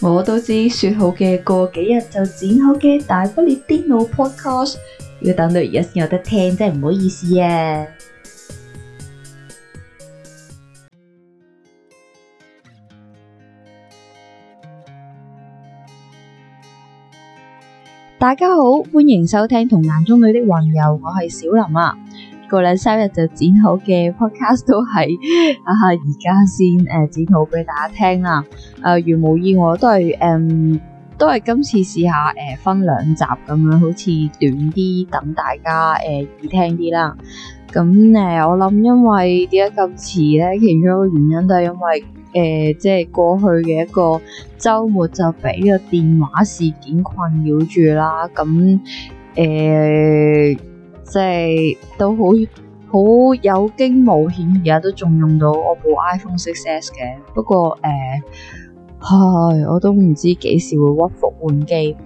我都知說好嘅，過幾日就剪好嘅大不列顛佬 podcast 要等到而家先有得聽，真係唔好意思啊！大家好，歡迎收聽《同男中女的雲遊》，我係小林啊。過兩三日就剪好嘅 podcast 都係啊，而家先誒剪好俾大家聽啦。誒，如無意外都係誒，都係今次試下誒分兩集咁樣，好似短啲，等大家誒易聽啲啦。咁誒，我諗因為點解咁遲咧？其中一個原因都係因為誒，即係過去嘅一個周末就俾個電話事件困擾住啦。咁誒。即係、就是，都好好有驚無險，而家都仲用到我部 iPhone Six S 嘅。不過誒，唉、呃、我都唔知幾時會屈服換機。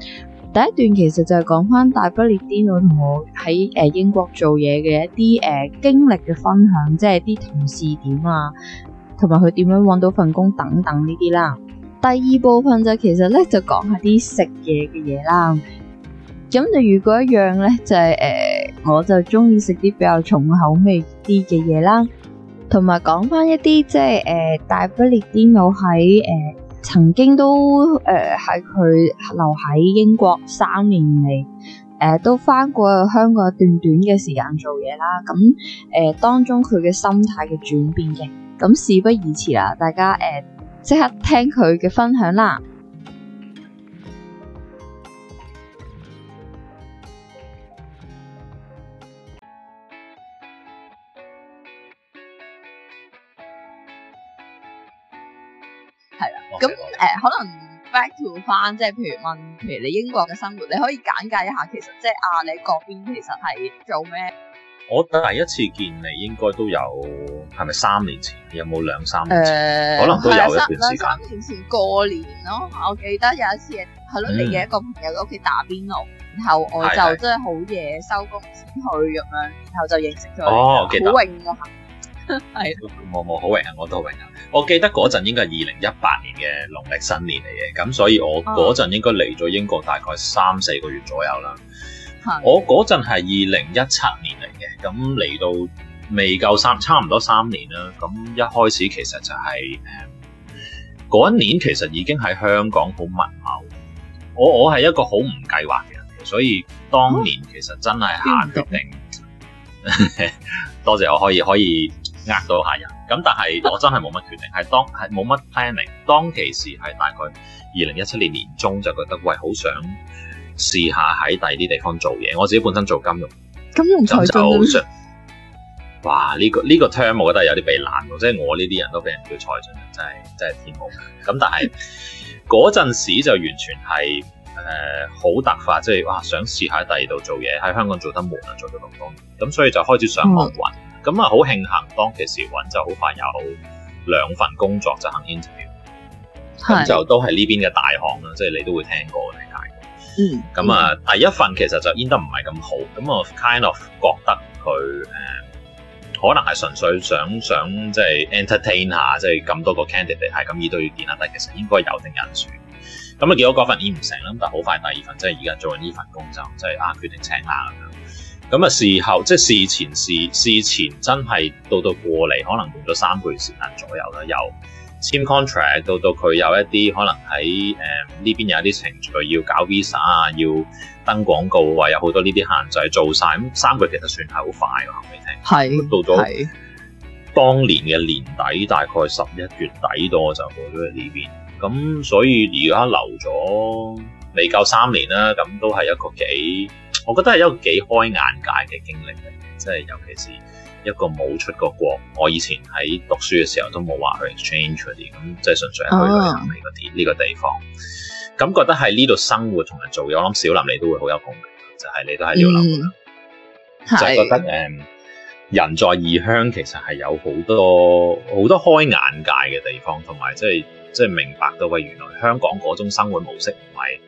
第一段其實就係講翻大不列癲佬同我喺誒英國做嘢嘅一啲誒經歷嘅分享，即係啲同事點啊，同埋佢點樣搵到份工等等呢啲啦。第二部分就是、其實咧就講下啲食嘢嘅嘢啦。咁就如果一樣咧，就係、是、誒。呃我就中意食啲比較重口味啲嘅嘢啦，同埋講翻一啲即係誒大不列顛佬喺誒、呃、曾經都誒喺佢留喺英國三年嚟誒、呃、都翻過香港一段短嘅時間做嘢啦，咁誒、呃、當中佢嘅心態嘅轉變嘅，咁事不宜遲啦，大家誒即、呃、刻聽佢嘅分享啦。誒可能 back to 翻，即係譬如問，譬如你英國嘅生活，你可以簡介一下，其實即係啊，你嗰邊其實係做咩？我第一次見你應該都有，係咪三年前？有冇兩三年前？可能都有一段時間。兩三年前過年咯，我記得有一次係係咯，你嘅一個朋友喺屋企打邊爐，然後我就真係好夜收工先去咁樣，然後就認識咗胡穎啊。係，我我好榮幸，我都好榮幸。我記得嗰陣應該係二零一八年嘅農曆新年嚟嘅，咁所以我嗰陣應該嚟咗英國大概三四個月左右啦。我嗰陣係二零一七年嚟嘅，咁嚟到未夠三，差唔多三年啦。咁一開始其實就係，嗰一年其實已經喺香港好密謀。我我係一個好唔計劃嘅人，所以當年其實真係行決定。多謝我可以可以。呃到下人，咁但係我真係冇乜決定，係 當係冇乜 planning。Ic，當其時係大概二零一七年年中就覺得，喂，好想試下喺第二啲地方做嘢。我自己本身做金融，金融才俊。哇，呢、這個呢、這個 term 我覺得有啲避難咯，即、就、係、是、我呢啲人都俾人叫才俊，真係真係天好。咁但係嗰陣時就完全係誒好突發，即、就、係、是、哇想試下喺第二度做嘢，喺香港做得悶啊，做咗咁多年，咁所以就開始上岸云。咁啊，好慶幸，當其時揾就好快有兩份工作就行 interview，咁是就都係呢邊嘅大行啦，即、就、係、是、你都會聽過嘅大。嗯，咁啊那，嗯、第一份其實就 int 得唔係咁好，咁我 kind of 覺得佢誒、呃、可能係純粹想想即係、就是、entertain 下，即係咁多個 candidate 係咁意都要見下但其實應該有定人選。咁啊，結果嗰份 int 唔成啦，咁但係好快第二份即係而家做緊呢份工就即、是、係啊決定請下。咁樣。咁啊，事後即係事前，事事前真係到到過嚟，可能用咗三個月時間左右啦。由簽 contract 到到佢有一啲可能喺誒呢邊有一啲程序要搞 visa 啊，要登廣告，啊，有好多呢啲限制做晒。咁三個月其實算係好快喎，話俾你聽。係是。到咗當年嘅年底，大概十一月底到我就過咗嚟呢邊。咁所以而家留咗未夠三年啦，咁都係一個幾。我覺得係一個幾開眼界嘅經歷嚟嘅，即係尤其是一個冇出過國。我以前喺讀書嘅時候都冇話去 exchange 嗰啲，咁即係純粹係去旅行嗰啲呢個地方咁，啊、覺得係呢度生活同埋做嘢，我諗小林，你都會好有共鳴，就係、是、你都喺呢度，就係、覺得誒是人在異鄉其實係有好多好多開眼界嘅地方，同埋即係即係明白到喂，原來香港嗰種生活模式唔係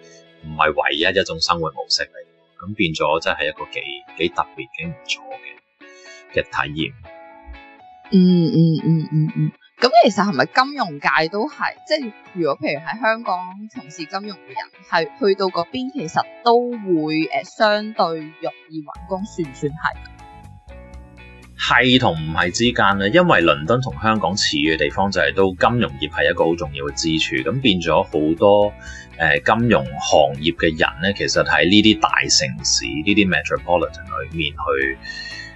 唔係唯一,一一種生活模式嚟。咁變咗真係一個幾幾特別嘅唔錯嘅嘅體驗。嗯嗯嗯嗯嗯，咁、嗯嗯嗯嗯嗯嗯、其實係咪金融界都係即係如果譬如喺香港從事金融嘅人，係去到嗰邊其實都會誒相對容易揾工，算唔算係？係同唔係之間咧，因為倫敦同香港似嘅地方就係都金融業係一個好重要嘅支柱，咁變咗好多誒、呃、金融行業嘅人咧，其實喺呢啲大城市呢啲 metropolitan 裡面去，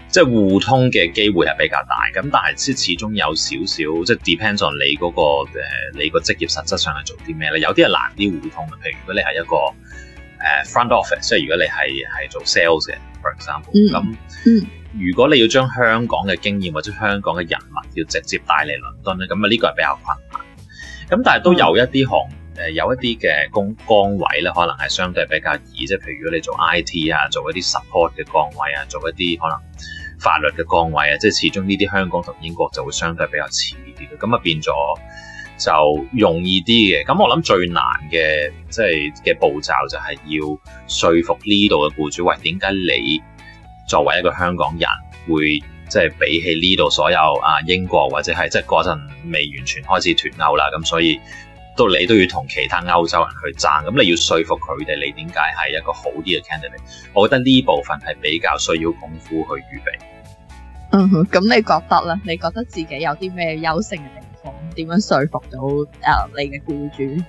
即係互通嘅機會係比較大，咁但係始始終有少少即係 depends on 你嗰、那個、呃、你個職業實質上係做啲咩咧，有啲係難啲互通嘅，譬如如果你係一個誒 front office，即係如果你係係做 sales 嘅，for example，咁、嗯。那嗯如果你要將香港嘅經驗或者香港嘅人物要直接帶嚟倫敦咧，咁啊呢個係比較困難。咁但係都有一啲行誒，嗯、有一啲嘅工崗位咧，可能係相對比較易，即係譬如如果你做 I T 啊，做一啲 support 嘅崗位啊，做一啲可能法律嘅崗位啊，即係始終呢啲香港同英國就會相對比較似啲嘅，咁啊變咗就容易啲嘅。咁我諗最難嘅即係嘅步驟就係要說服呢度嘅僱主，喂，點解你？作為一個香港人，會即係比起呢度所有啊英國或者係即係嗰陣未完全開始脱歐啦，咁所以都你都要同其他歐洲人去爭，咁你要說服佢哋你點解係一個好啲嘅 candidate，我覺得呢部分係比較需要功夫去預備。嗯，咁你覺得咧？你覺得自己有啲咩優勝嘅地方？點樣說服到誒你嘅僱主？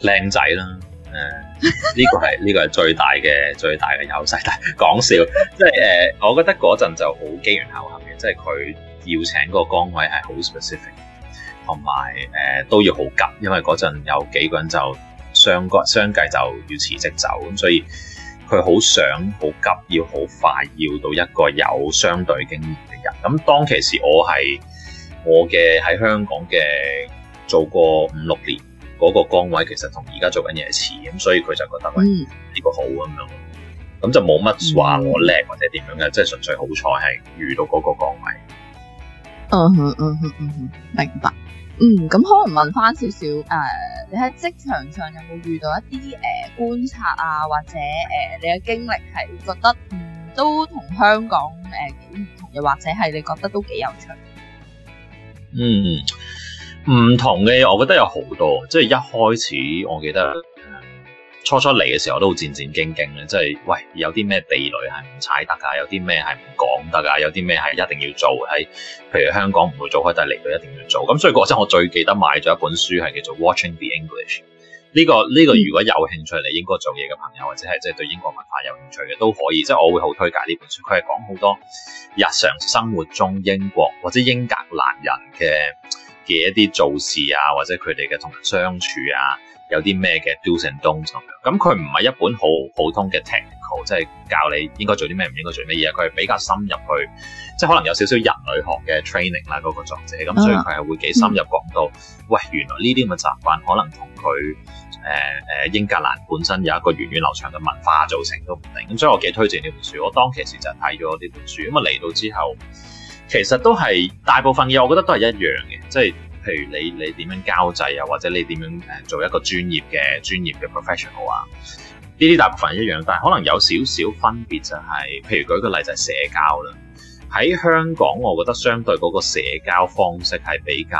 靚仔啦！誒，呢 個係呢、這個係最大嘅最大嘅優勢，但係講笑，即係誒，我覺得嗰陣就好機緣巧合嘅，即係佢要請嗰個崗位係好 specific，同埋誒都要好急，因為嗰陣有幾個人就相相繼就要辭職走，咁所以佢好想好急要好快要到一個有相對經驗嘅人。咁當其時我係我嘅喺香港嘅做過五六年。嗰個崗位其實同而家做緊嘢係似，咁所以佢就覺得喂，呢個好咁樣，咁就冇乜話我叻或者點樣嘅，即係純粹好彩係遇到嗰個崗位。嗯哼嗯哼嗯哼，明白。嗯，咁可能問翻少少誒，你喺職場上有冇遇到一啲誒觀察啊？或者誒你嘅經歷係覺得嗯都同香港誒幾唔同，又或者係你覺得都幾有趣。嗯。唔同嘅，我覺得有好多，即係一開始我記得初初嚟嘅時候，我都好戰戰兢兢咧。即係喂，有啲咩地雷係唔踩得㗎？有啲咩係唔講得㗎？有啲咩係一定要做喺？譬如香港唔會做開，但係嚟到一定要做。咁所以嗰陣，我最記得買咗一本書係叫做《Watching the English》。呢、這個呢、這個如果有興趣嚟英國做嘢嘅朋友，或者係即係對英國文化有興趣嘅都可以。即係我會好推介呢本書。佢係講好多日常生活中英國或者英格蘭人嘅。嘅一啲做事啊，或者佢哋嘅同人相處啊，有啲咩嘅 do's and don'ts 咁樣，佢唔係一本好普通嘅 technical，即係教你應該做啲咩，唔應該做咩嘢。佢係比較深入去，即係可能有少少人類學嘅 training 啦。嗰個作者咁，所以佢係會幾深入講到，喂，原來呢啲咁嘅習慣可能同佢誒誒英格蘭本身有一個源遠流長嘅文化造成都唔定。咁所以我幾推薦呢本書，我當其時就睇咗呢本書咁啊，嚟到之後。其實都係大部分嘢，我覺得都係一樣嘅，即係譬如你你點樣交際啊，或者你點樣誒做一個專業嘅專業嘅 professional 啊，呢啲大部分一樣，但係可能有少少分別就係、是，譬如舉個例就係社交啦。喺香港，我覺得相對嗰個社交方式係比較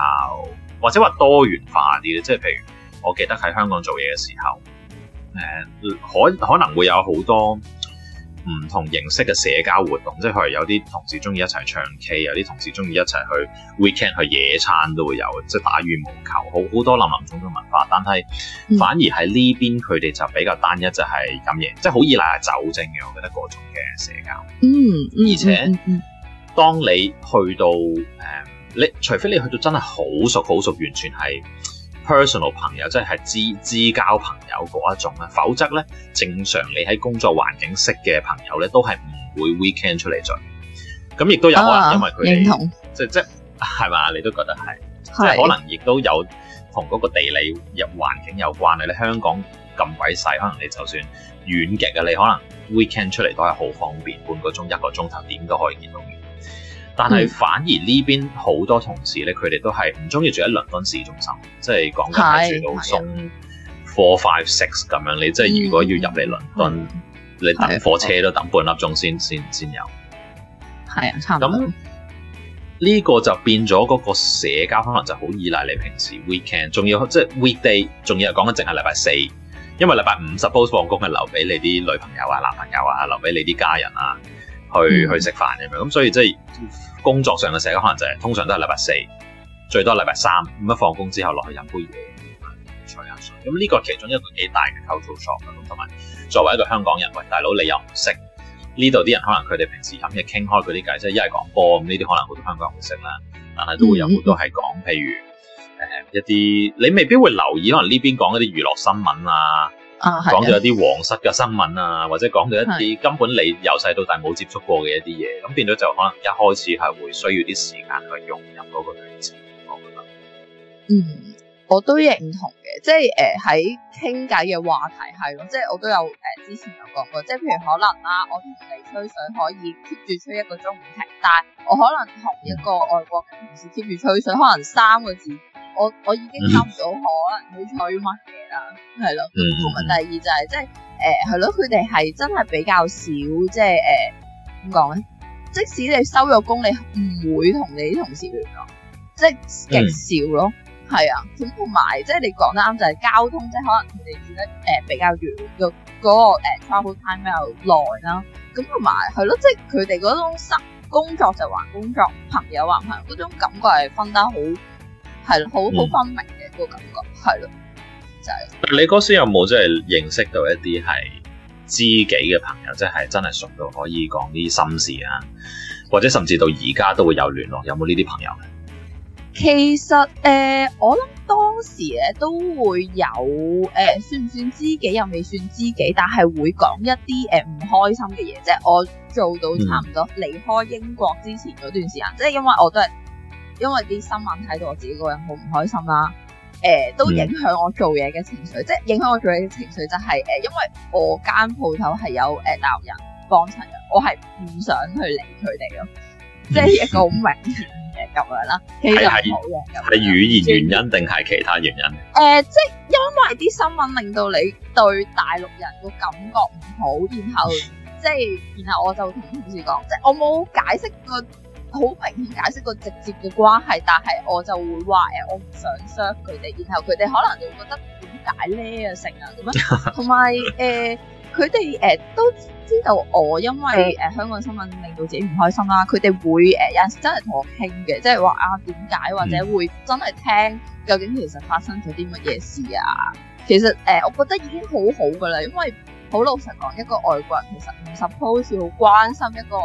或者話多元化啲嘅。即係譬如我記得喺香港做嘢嘅時候，誒、呃、可可能會有好多。唔同形式嘅社交活動，即係佢有啲同事鍾意一齊唱 K，有啲同事鍾意一齊去 weekend 去野餐都會有，即係打羽毛球，好好多林林總總文化。但係反而喺呢邊佢哋、嗯、就比較單一，就係咁嘢，即係好依賴係酒精嘅。我覺得嗰種嘅社交，嗯，嗯，嗯，而且當你去到誒，你除非你去到真係好熟好熟，完全係。Personal 朋友即係係知知交朋友嗰一種咧，否則咧正常你喺工作環境識嘅朋友咧都係唔會 weekend 出嚟做，咁亦都有可能因為佢唔、啊、同，即即係嘛，你都覺得係，是即係可能亦都有同嗰個地理入環境有關啊。你香港咁鬼細，可能你就算遠極嘅，你可能 weekend 出嚟都係好方便，半個鐘一個鐘頭點都可以見到面。但係反而呢邊好多同事咧，佢哋、mm. 都係唔中意住喺倫敦市中心，即係講緊住到 zone four、five、six 咁樣。你即係如果要入嚟倫敦，mm. 你等火車的都等半粒鐘先先先有，係啊，差唔多。咁呢、呢個就變咗嗰個社交，可能就好依賴你平時 weekend，仲要即係 weekday，仲要講緊淨係禮拜四，因為禮拜五 suppose 放工係留俾你啲女朋友啊、男朋友啊，留俾你啲家人啊。去去食飯咁樣，咁、嗯、所以即係工作上嘅社交可能就係、是、通常都係禮拜四，最多禮拜三，咁一放工之後落去飲杯嘢，吹下水。咁呢、嗯這個其中一個幾大嘅 culture shock 啦。咁同埋作為一個香港人，喂，大佬你又唔識呢度啲人，可能佢哋平時飲嘢傾開嗰啲偈，即係一係講波，咁呢啲可能好多香港人唔識啦。但係都會有好多係講，譬如誒、呃、一啲你未必會留意，可能呢邊講一啲娛樂新聞啊。啊、講咗一啲皇室嘅新聞啊，或者講咗一啲根本你由細到大冇接觸過嘅一啲嘢，咁變咗就可能一開始係會需要啲時間去融入嗰個旅程。我覺得，嗯，我都認同嘅，即係誒喺傾偈嘅話題係咯，即係我都有誒、呃、之前有講過，即係譬如可能啊，我同你吹水可以 keep 住吹一個鐘唔停，但係我可能同一個外國嘅同事 keep 住吹水，可能三個字。我我已經諗唔到可能會取乜嘢啦？係咯，咁同埋第二就係即係誒係咯，佢哋係真係比較少，即係誒點講咧？即使你收咗工，你唔會同你啲同事聯絡，即係極少咯。係啊，咁同埋即係你講得啱，就係交通即係可能佢哋住得誒比較遠，個嗰個誒 travel time 比較耐啦。咁同埋係咯，即係佢哋嗰種生工作就還工作，朋友還朋友嗰種感覺係分得好。係好好分明嘅嗰、嗯、個感覺，係咯，就係、是。你嗰時有冇即係認識到一啲係知己嘅朋友，即係真係熟到可以講啲心事啊？或者甚至到而家都會有聯絡，有冇呢啲朋友咧？其實誒、呃，我諗當時咧都會有誒、呃，算唔算知己又未算知己，但係會講一啲誒唔開心嘅嘢，即係我做到差唔多離開英國之前嗰段時間，即係、嗯、因為我都係。因為啲新聞睇到我自己個人好唔開心啦，誒、呃，都影響我做嘢嘅情緒，嗯、即係影響我做嘢嘅情緒就係、是、誒、呃，因為我間鋪頭係有誒大陸、呃、人幫襯嘅，我係唔想去理佢哋嘅，嗯、即係一個好明顯嘅咁樣啦，氣氛唔好嘅咁。是是語言原因定係其他原因？誒、呃，即係因為啲新聞令到你對大陸人嘅感覺唔好，然後、嗯、然後即係然後我就同同事講，即係我冇解釋個。好明顯解釋個直接嘅關係，但係我就會話誒、呃，我唔想 serve 佢哋，然後佢哋可能就會覺得點解咧啊，成啊咁樣。同埋誒，佢哋誒都知道我因為誒、呃、香港新聞令到自己唔開心啦，佢哋會誒、呃、有陣時真係同我傾嘅，即係話啊點解或者會真係聽究竟其實發生咗啲乜嘢事啊。其實誒、呃，我覺得已經好好㗎啦，因為好老實講，一個外國人其實唔 suppose 好關心一個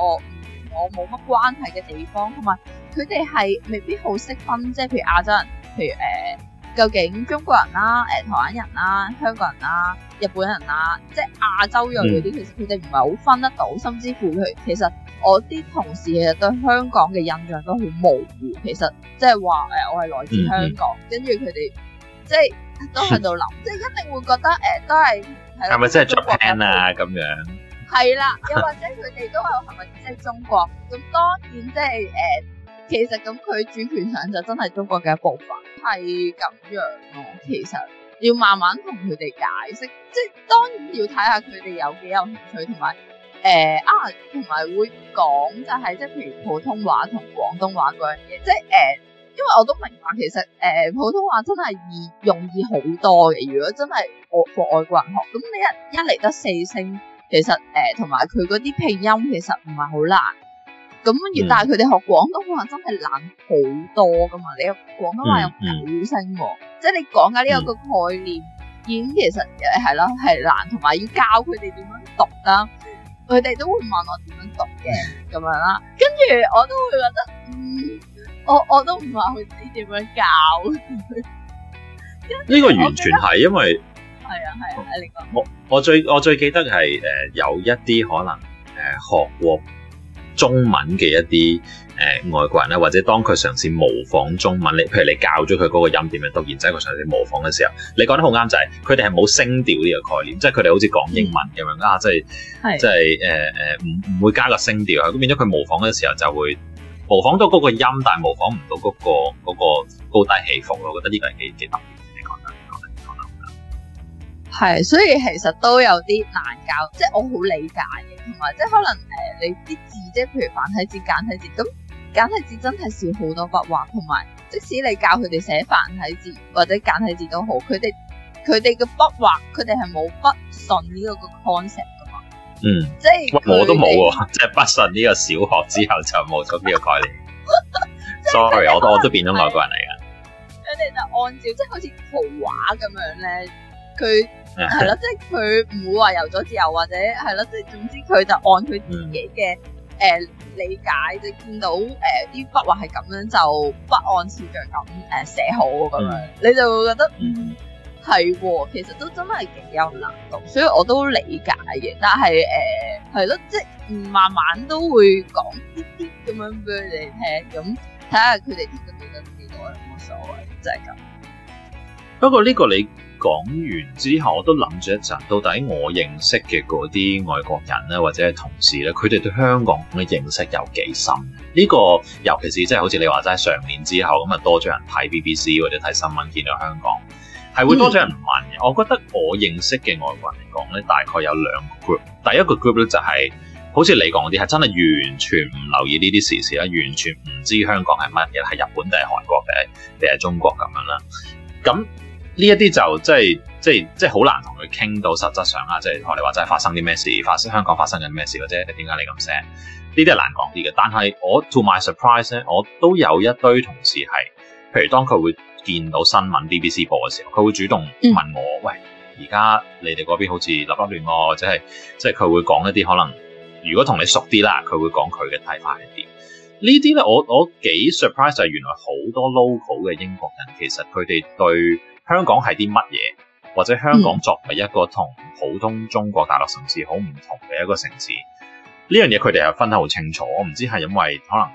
我冇乜關係嘅地方，同埋佢哋係未必好識分，即係譬如亞洲人，譬如誒究竟中國人啦、誒台灣人啦、香港人啦、日本人啦，即係亞洲又有啲，其實佢哋唔係好分得到，甚至乎佢其實我啲同事其實對香港嘅印象都好模糊。其實即係話誒，我係來自香港，跟住佢哋即係都喺度諗，即係一定會覺得誒都係係咪真係 Japan 啊咁樣？係啦，又或者佢哋都係係咪即係中國咁？當然即係誒，其實咁佢主權上就真係中國嘅一部分係咁樣咯、啊。其實要慢慢同佢哋解釋，即係當然要睇下佢哋有幾有興趣，同埋誒啊，同、呃、埋會講就係即係譬如普通話同廣東話嗰樣嘢，即係誒、呃，因為我都明白其實誒、呃、普通話真係易容易好多嘅。如果真係我外外國人學咁，你一一嚟得四聲。其實誒，同埋佢嗰啲拼音其實唔係好難，咁而、嗯、但係佢哋學廣東話真係難好多噶嘛。你廣東話有九聲、啊，嗯嗯、即係你講嘅呢個概念，已經其實係咯，係難，同埋要教佢哋點樣讀啦、啊。佢哋都會問我點樣讀嘅咁 樣啦，跟住我都會覺得，嗯，我我都唔話佢知點樣教。呢 跟着 個完全係因為。係啊，係啊，啊啊啊我我最我最記得係誒、呃、有一啲可能誒、呃、學過中文嘅一啲誒、呃、外國人咧，或者當佢嘗試模仿中文，你譬如你教咗佢嗰個音點樣讀，然之後佢嘗試模仿嘅時候，你講得好啱。就係佢哋係冇聲調呢個概念，即係佢哋好似講英文咁樣啊，即係即係誒誒唔唔會加個聲調，咁變咗佢模仿嘅時候就會模仿到嗰個音，但係模仿唔到嗰、嗰個嗰個嗰個高低起伏，我覺得呢個係幾幾特係，所以其實都有啲難教，即係我好理解嘅，同埋即係可能誒、呃、你啲字，即係譬如繁體字、簡體字，咁簡體字真係少好多筆畫，同埋即使你教佢哋寫繁體字或者簡體字都好，佢哋佢哋嘅筆畫，佢哋係冇筆順呢個 concept 㗎嘛。嗯，即係我都冇喎， 即係筆順呢個小學之後就冇咗呢個概念。 sorry，我都我都變咗外國人嚟㗎。佢哋就按照即係好似圖畫咁樣咧，佢。係咯，即係佢唔會話由左至右或者係咯，即係總之佢就按佢自己嘅誒理解，即係見到誒啲筆畫係咁樣，就不按次序咁誒寫好咁樣，你就會覺得嗯，係，其實都真係幾有難度，所以我都理解嘅。但係誒係咯，即係唔慢慢都會講啲啲咁樣俾佢哋聽，咁睇下佢哋練得練得幾耐，冇所謂，即係咁。不過呢個你。講完之後，我都諗住一陣，到底我認識嘅嗰啲外國人咧，或者係同事咧，佢哋對香港嘅認識有幾深？呢個尤其是即係好似你話齋上年之後咁啊，多咗人睇 BBC 或者睇新聞見到香港，係會多咗人問嘅。嗯、我覺得我認識嘅外國人嚟講咧，大概有兩個 group。第一個 group 咧就係、係、好似你講嗰啲，係真係完全唔留意呢啲時事啦，完全唔知香港係乜嘢，係日本定係韓國嘅，定係中國咁樣啦。咁呢一啲就即係即係即係好難同佢傾到實質上啦。即係學你話，真係發生啲咩事？發生香港發生緊咩事？或者點解你咁 s 呢啲係難講啲嘅。但係我 to my surprise 咧，我都有一堆同事係，譬如當佢會見到新聞 BBC 播嘅時候，佢會主動問我，嗯、喂，而家你哋嗰邊好似立立亂喎，即係即係佢會講一啲可能如果同你熟啲啦，佢會講佢嘅睇法係點呢啲咧？我我幾 surprise 就係原來好多 local 嘅英國人其實佢哋對，香港係啲乜嘢？或者香港作為一個同普通中國大陸城市好唔同嘅一個城市，呢樣嘢佢哋係分得好清楚。我唔知係因為可能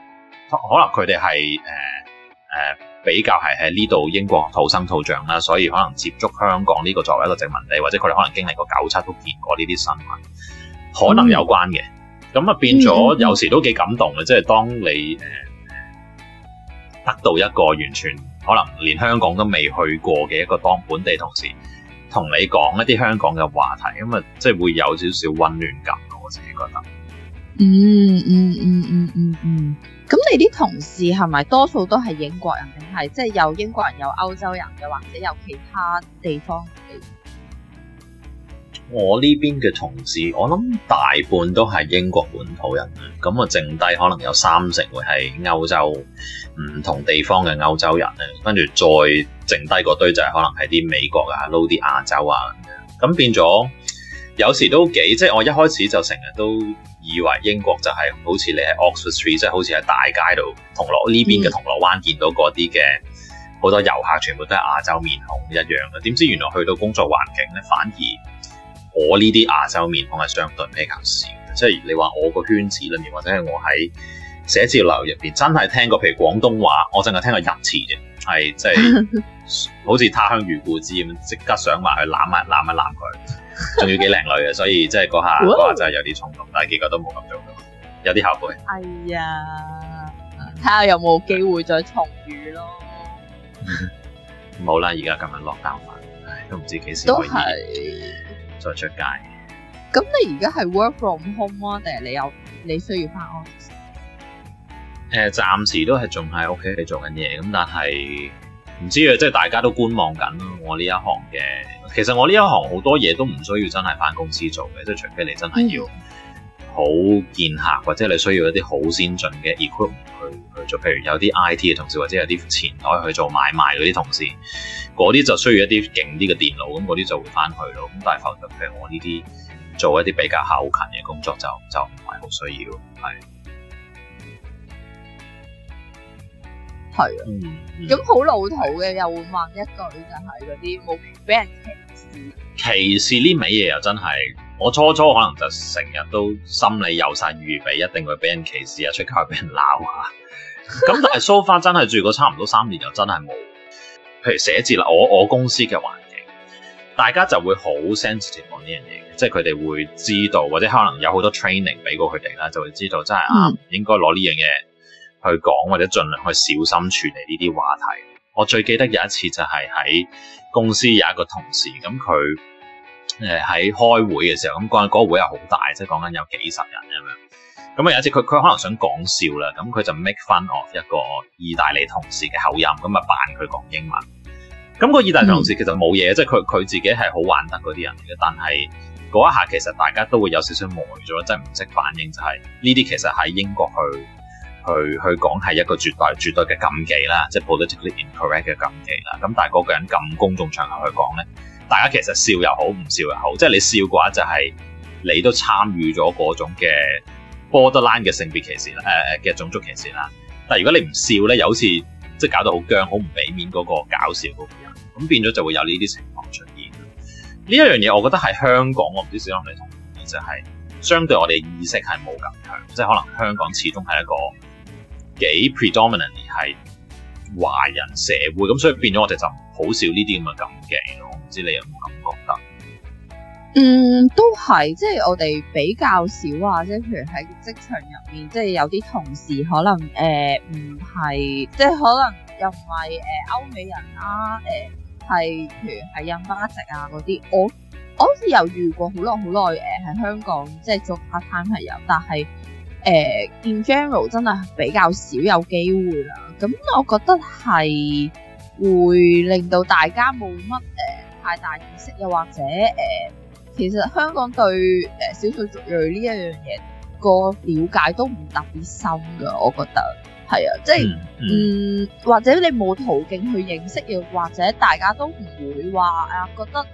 可能佢哋係誒誒比較係喺呢度英國土生土長啦，所以可能接觸香港呢個作為一個殖民地，或者佢哋可能經歷過九七都見過呢啲新聞，可能有關嘅。咁啊、嗯、變咗有時都幾感動嘅，即係當你誒、呃、得到一個完全。可能連香港都未去過嘅一個當本地同事同你講一啲香港嘅話題，咁啊即係會有少少溫暖感，我自己覺得。嗯嗯嗯嗯嗯嗯，咁、嗯嗯嗯嗯嗯、你啲同事係咪多數都係英國人，定係即係有英國人有歐洲人嘅，或者有其他地方嘅？我呢邊嘅同事，我諗大半都係英國本土人啦，咁、嗯、啊、嗯，剩低可能有三成會係歐洲唔同地方嘅歐洲人咧，跟住再剩低嗰堆就係可能係啲美國啊，撈啲亞洲啊咁、嗯嗯、變咗，有時都幾即係我一開始就成日都以為英國就係、係、好似你喺 Oxford Street 即係好似喺大街度銅鑼呢邊嘅銅鑼灣見到嗰啲嘅好多遊客全部都係亞洲面孔一樣啦，點知原來去到工作環境咧反而～我呢啲亞洲面孔係相對比較少，即係你話我個圈子裏面，或者係我喺寫字樓入邊，真係聽過，譬如廣東話，我淨係聽過一次嘅，係即係好似他鄉遇故知咁，即刻想話去攬埋攬埋攬佢，仲要幾靚女嘅，所以即係嗰下嗰下真係有啲衝動，但係結果都冇咁做嘅，有啲後悔。哎呀，睇下有冇機會再重遇咯。冇啦的，而家咁樣 lockdown，都唔知幾時可以。都係。再出街，咁你而家係 work from home 啊，定係你有你需要翻 office？誒、呃，暫時都係仲喺屋企做緊嘢，咁但係唔知啊，即係大家都觀望緊。我呢一行嘅，其實我呢一行好多嘢都唔需要真係翻公司做嘅，即係除非你真係要。嗯好見客，或者你需要一啲好先進嘅 equipment 去去做，譬如有啲 IT 嘅同事，或者有啲前台去做買賣嗰啲同事，嗰啲就需要一啲勁啲嘅電腦，咁嗰啲就會翻去咯。咁但係，否則譬如我呢啲做一啲比較後勤嘅工作就，就就唔係好需要，係，係啊，咁好老土嘅又會問一句，就係嗰啲冇俾人歧視，歧視呢味嘢又真係。我初初可能就成日都心理有晒預備，一定會俾人歧視啊，出街會俾人鬧啊。咁但係 so far 真係住過差唔多三年，就真係冇。譬如寫字樓，我我公司嘅環境，大家就會好 sensitive 講呢樣嘢，即係佢哋會知道，或者可能有好多 training 俾過佢哋啦，就會知道真係、嗯、啊應該攞呢樣嘢去講，或者儘量去小心處理呢啲話題。我最記得有一次就係喺公司有一個同事，咁佢。誒喺開會嘅時候，咁關嗰個會又好大，即係講緊有幾十人咁樣。咁啊有一次，佢佢可能想講笑啦，咁佢就 make fun of 一個意大利同事嘅口音，咁啊扮佢講英文。咁、嗰個意大利同事其實冇嘢，嗯、即係佢佢自己係好玩得嗰啲人嘅，但係嗰一下其實大家都會有少少呆咗，即係唔識反應、就係，就係呢啲其實喺英國去去去講係一個絕對絕對嘅禁忌啦，即係 politically incorrect 嘅禁忌啦。咁但係嗰個人咁，公眾場合去講咧。大家其實笑又好唔笑又好，即係你笑嘅話就係你都參與咗嗰種嘅 borderline 嘅性別歧視啦，誒誒嘅種族歧視啦。但係如果你唔笑咧，有好似即係搞到好僵，好唔俾面嗰個搞笑嗰個人，咁變咗就會有呢啲情況出現。呢一樣嘢我覺得喺香港，我唔知小聰你同意就係、是、相對我哋意識係冇咁強，即係可能香港始終係一個幾 predominantly 係華人社會，咁所以變咗我哋就好少呢啲咁嘅禁忌咯。唔知你有冇感覺得？嗯，都係即係我哋比較少啊。即係譬如喺職場入面，即係有啲同事可能誒唔係，即係可能又唔係誒歐美人啊，誒係譬如係印巴籍啊嗰啲。我我好似有遇過好耐好耐，誒喺香港即係做 part time 係有，但係誒 in general 真係比較少有機會啦。咁我覺得係會令到大家冇乜誒。太大意識又或者誒，其實香港對誒少數族裔呢一樣嘢個瞭解都唔特別深㗎，我覺得係啊，即係嗯，或者你冇途徑去認識，又或者大家都唔會話啊覺得誒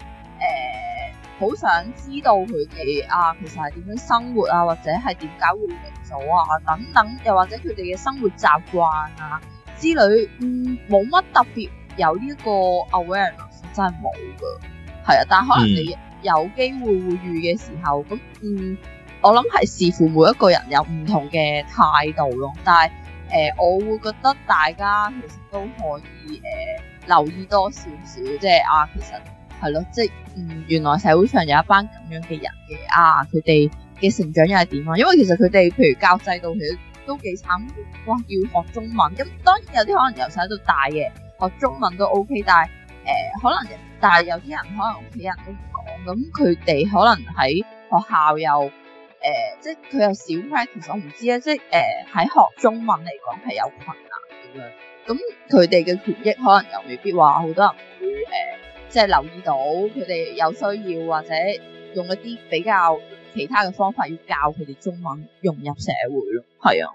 好想知道佢哋啊，其實係點樣生活啊，或者係點解會嚟咗啊等等，又或者佢哋嘅生活習慣啊之類，嗯，冇乜特別有呢一個 awareness。真係冇噶係啊，但係可能你有機會會遇嘅時候，咁嗯，我諗係視乎每一個人有唔同嘅態度咯。但係誒，我會覺得大家其實都可以誒留意多少少，即係啊，其實係咯，即係嗯，原來社會上有一班咁樣嘅人嘅啊，佢哋嘅成長又係點啊？因為其實佢哋譬如教制度其實都幾慘，哇，要學中文咁，當然有啲可能由細到大嘅學中文都 OK，但係。誒可能，但係有啲人可能屋企人都唔講，咁佢哋可能喺學校又誒，即係佢又少 practice，我唔知咧。即係誒喺學中文嚟講係有困難咁樣，咁佢哋嘅權益可能又未必話好多人會誒，即係留意到佢哋有需要或者用一啲比較其他嘅方法要教佢哋中文融入社會咯。係啊，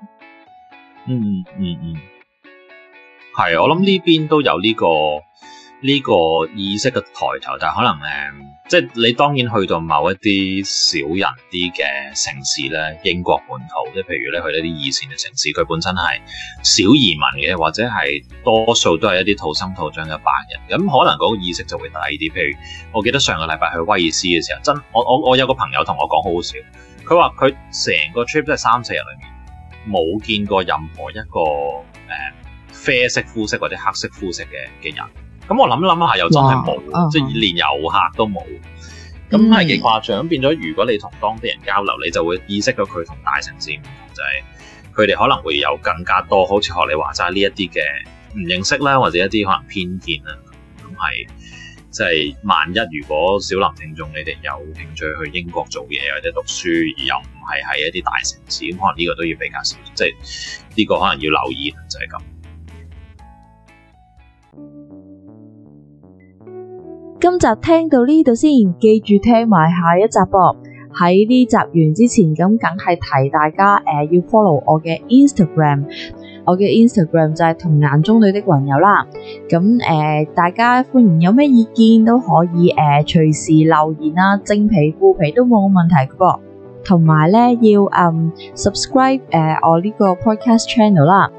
嗯嗯嗯，係啊，我諗呢邊都有呢個。呢個意識嘅抬頭，但係可能誒，即係你當然去到某一啲少人啲嘅城市咧，英國本土即係譬如咧去一啲二線嘅城市，佢本身係少移民嘅，或者係多數都係一啲土生土長嘅白人咁，可能嗰個意識就會大啲。譬如我記得上個禮拜去威爾斯嘅時候，真，我我我有個朋友同我講好好笑，佢話佢成個 trip 都係三四日裏面冇見過任何一個、呃、啡色膚色或者黑色膚色嘅嘅人。咁我諗諗下，又真係冇，哇即係連遊客都冇，咁係極誇張。咁變咗，如果你同當地人交流，你就會意識到佢同大城市唔同，就係佢哋可能會有更加多，好似學你話齋呢一啲嘅唔認識啦，或者一啲可能偏見啊。咁係即係萬一，如果小林聽眾你哋有興趣去英國做嘢或者讀書，而又唔係喺一啲大城市，咁可能呢個都要比較少，即係呢個可能要留意，就係咁。今集聽到呢度先，記住聽埋下一集噃。喺呢集完之前，咁梗係提大家誒、呃，要 follow 我嘅 Instagram，我嘅 Instagram 就係童顏中女的雲友啦。咁誒、呃，大家歡迎，有咩意見都可以誒，隨、呃、時留言啦、啊。精皮粗皮都冇問題噶噃。同埋咧，要嗯 subscribe 誒、呃，我呢個 podcast channel 啦。